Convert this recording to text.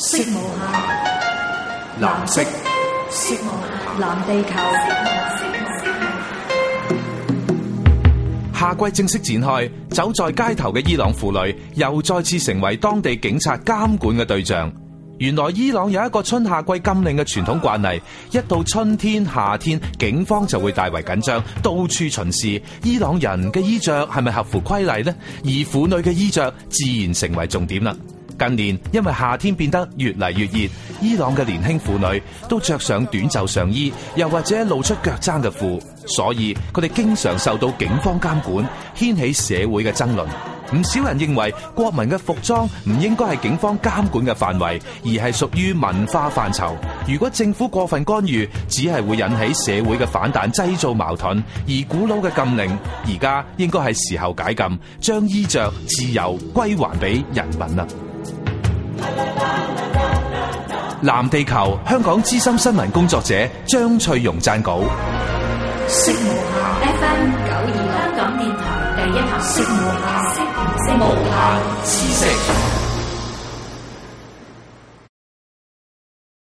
色無限，藍色。色無限，藍地球。夏季正式展開，走在街頭嘅伊朗婦女又再次成為當地警察監管嘅對象。原來伊朗有一個春夏季禁令嘅傳統慣例，一到春天、夏天，警方就會大為緊張，到處巡視。伊朗人嘅衣着係咪合乎規例呢？而婦女嘅衣着自然成為重點啦。近年因為夏天變得越嚟越熱，伊朗嘅年輕婦女都着上短袖上衣，又或者露出腳踭嘅褲，所以佢哋經常受到警方監管，掀起社會嘅爭論。唔少人認為國民嘅服裝唔應該係警方監管嘅範圍，而係屬於文化範疇。如果政府過分干預，只係會引起社會嘅反彈，製造矛盾。而古老嘅禁令而家應該係時候解禁，將衣着自由歸還俾人民啦。藍地球，香港資深新聞工作者張翠容撰稿。